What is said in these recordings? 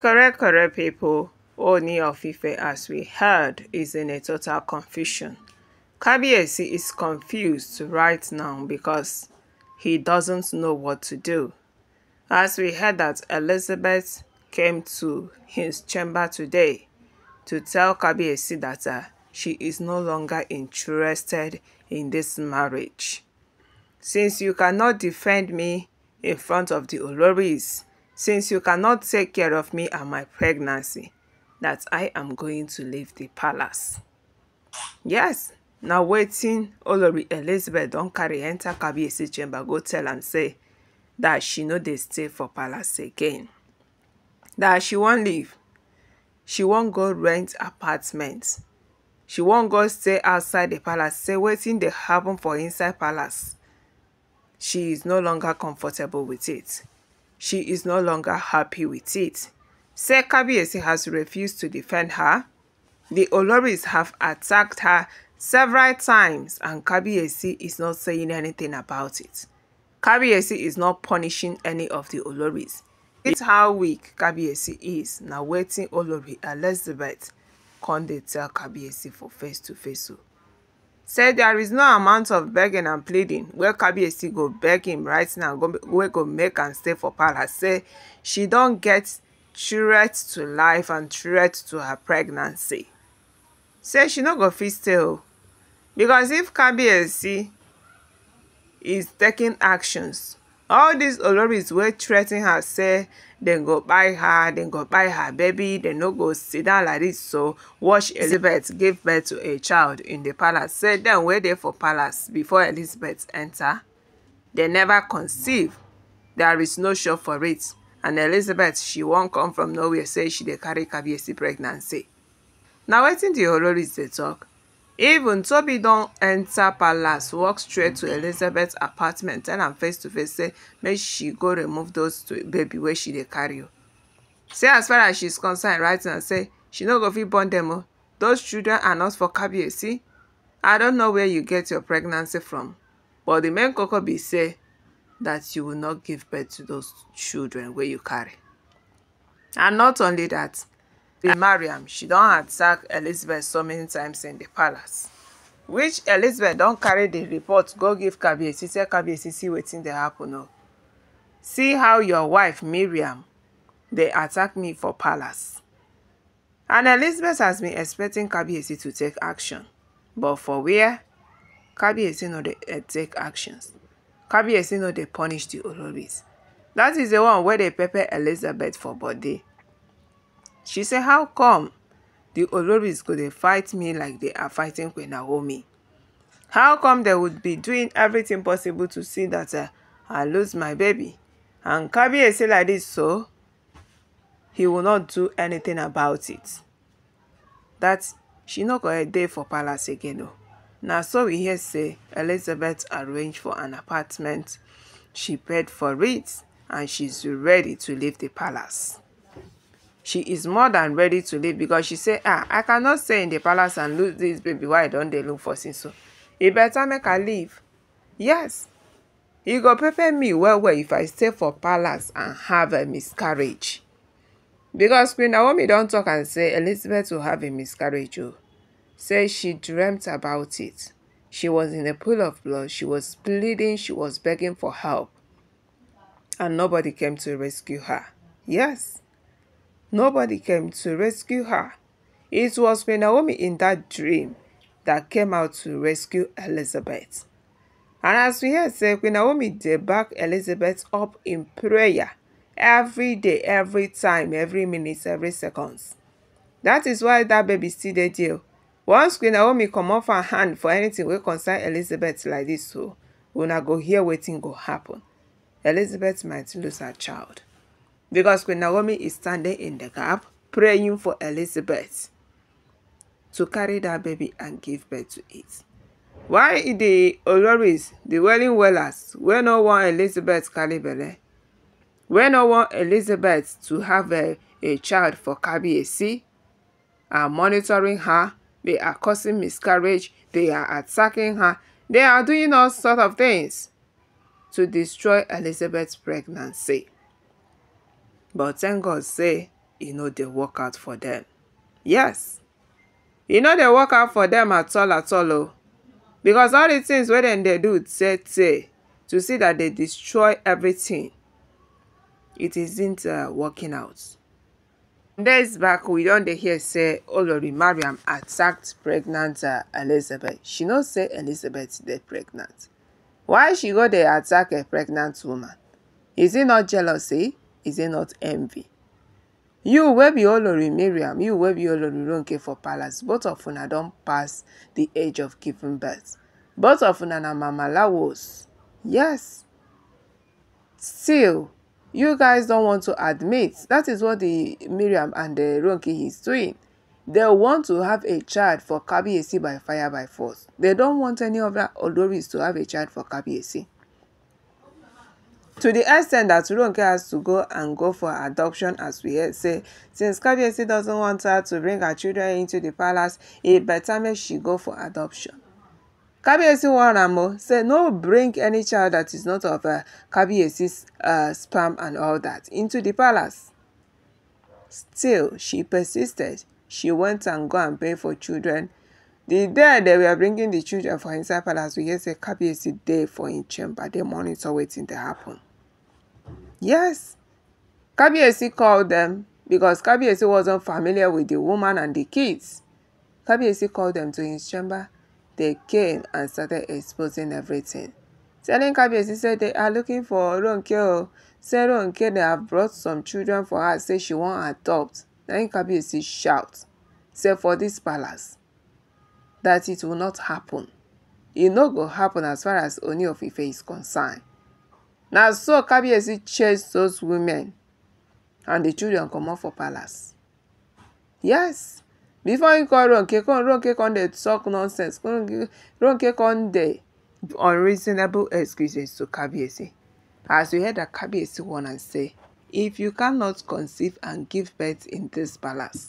Correct, correct people. Ooni of as we heard, is in a total confusion. Kabiyesi is confused right now because he doesn't know what to do. As we heard that Elizabeth came to his chamber today to tell Kabiyesi that uh, she is no longer interested in this marriage. Since you cannot defend me in front of the Oloris, since you cannot take care of me and my pregnancy, that I am going to leave the palace. Yes, now waiting. Olori Elizabeth don't carry enter Kabiyesi chamber go tell am say that she no dey stay for palace again. That she won't leave. She won't go rent apartments. She won't go stay outside the palace say waiting dey happen for inside palace. She is no longer comfortable with it. She is no longer happy with it. Said Kabiyesi has refused to defend her. The Oloris have attacked her several times and Kabiyesi is not saying anything about it. Kabiyesi is not punishing any of the Oloris. It's how weak Kabiyesi is. Now waiting Olori Elizabeth Can they tell Kabiyesi for face to face o say there is no amount of begging and pleading wey kabiyesi go beg him right now wey go make am stay for palace say she don get threat to life and threat to her pregnancy say she no go fit stay o oh. because if kabiyesi is taking actions all these oloris wey threaten her say dem go buy her dem go buy her baby dem no go sit down like this. so watch elizabeth give birth to a child in the palace say dem wey dey for palace before elizabeth enter. dem never conceive there is no show for it and elizabeth she wan come from nowhere say she dey carry kabiyesi pregnancy na wetin di oloris dey talk even toby don't enter palace walk straight to elizabeth apartment tell am face to face say make she go remove those baby where she dey carry o say as far as she's concerned write and say she no go fit born them. those children are not for kabie see i don't know where you get your pregnancy from but the main cocoa be say that you will not give birth to those children where you carry and not only that. be Mariam, she not attack elizabeth so many times in the palace which elizabeth don't carry the report go give kabiyesi Say kabiyesi see wetin dey happen o see how your wife miriam they attack me for palace and elizabeth has been expecting kabiyesi to take action but for where kabiyesi no dey eh, take actions kabiyesi know dey punish the oloris That is the one where they pepper elizabeth for body she said, how come the oloris could dey fight me like they are fighting queen naomi how come they would be doing everything possible to see that uh, i lose my baby and said like this so he will not do anything about it that she no go dey for palace again o oh. Now so we hear say elizabeth arrange for an apartment she paid for it and she's ready to leave the palace she is more than ready to leave because she say ah i cannot stay in the palace and lose this baby Why don't they look for so e better make her leave yes he go prepare me well well if i stay for palace and have a miscarriage want queen naomi not talk and say elizabeth will have a miscarriage Oh, say she dreamt about it she was in a pool of blood she was bleeding she was begging for help and nobody came to rescue her yes Nobody came to rescue her. It was Queen Naomi in that dream that came out to rescue Elizabeth. And as we heard say, Queen Naomi did back Elizabeth up in prayer every day, every time, every minute, every seconds. That is why that baby still dey there. Once Queen Naomi come off her hand for anything wey concern Elizabeth like this so, una go here waiting go happen. Elizabeth might lose her child. because Queen Naomi is standing in the gap praying for Elizabeth to carry that baby and give birth to it. Why the Oloris, the welling wellers, we not want Elizabeth carry belle? We want Elizabeth to have a, a child for KBAC? Are monitoring her, they are causing miscarriage, they are attacking her, they are doing all sort of things to destroy Elizabeth's pregnancy. but thank god say e no dey work out for them. yes e no dey work out for them at all at all oh. because all the things wey they do say, say, to see that they destroy everything it isn't uh, working out days back we don't hear say olori mariam attacked pregnant uh, elizabeth she know say elizabeth dey pregnant why she go dey attack a pregnant woman is it not jealousy eh? is it not envy? You wey be all Olori Miriam. you wey be all Olori Ronke for palace, both of una don't pass the age of giving birth. Both of una na mama lawos. Yes. Still, you guys don't want to admit. That is what the Miriam and the Ronke is doing. They want to have a child for Kabiyesi by fire by force. They don't want any of that Oloris to have a child for Kabiyesi. to the extent that Ronke has to go and go for adoption as we heard say, since Kabiesi doesn't want her to bring her children into the palace, it better make she go for adoption. Kabiesi Wanamo said, no bring any child that is not of uh, Kabiesi's uh, sperm and all that into the palace. Still, she persisted. She went and go and pay for children. The day they were bringing the children for inside palace, we hear say Kabiesi day for in chamber. The monitor waiting to happen. Yes, Kabiyesi called them because Kabiyesi wasn't familiar with the woman and the kids. Kabiyesi called them to his chamber. They came and started exposing everything. Telling Kabiyesi said they are looking for Ronke. Say Ronke they have brought some children for her. Say she won't adopt. Then Kabiyesi shout. Say for this palace that it will not happen. It no go happen as far as Oni of Ife is concerned na so kabiyesi chase those women and the children come up for palace yes before you call ronke come ronke come dey talk nonsense ronke come dey unreasonable excuses to kabiyesi as we heard that kabiyesi one and say if you cannot conceive and give birth in this palace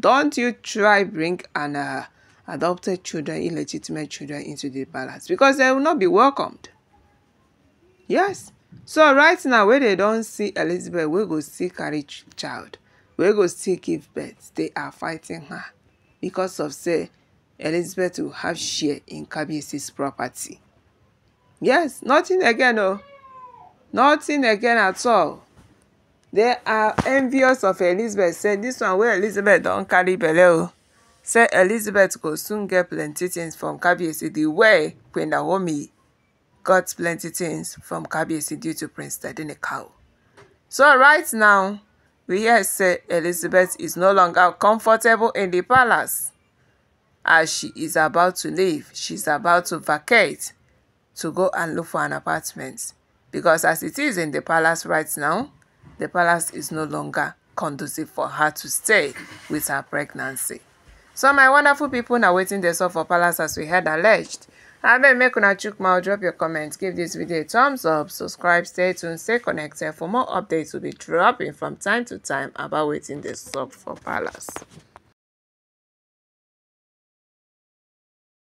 don't you try bring an uh, adopted children illegitimate children into the palace because they will not be welcomed yes so right now wey dem don see elizabeth wey go still carry child wey go still give birth they are fighting her because of say elizabeth will have share in kabiyesi's property yes nothing again oh, nothing again at all they are envious of elizabeth say this one where elizabeth don carry belle o oh. say elizabeth go soon get plenty things from kabiyesi the way queen naomi got plenty things from Kabiyesi due to Prince Tadenikawo. So right now, we hear say Elizabeth is no longer comfortable in the palace. As she is about to leave, she's about to vacate to go and look for an apartment. Because as it is in the palace right now, the palace is no longer conducive for her to stay with her pregnancy. So my wonderful people now waiting there for palace as we had alleged. abeg make una chook mouth drop your comments. give this video a thumbs up subscribe stay tuned stay connected for more updates to be dropping from time to time about wetin the sup for palace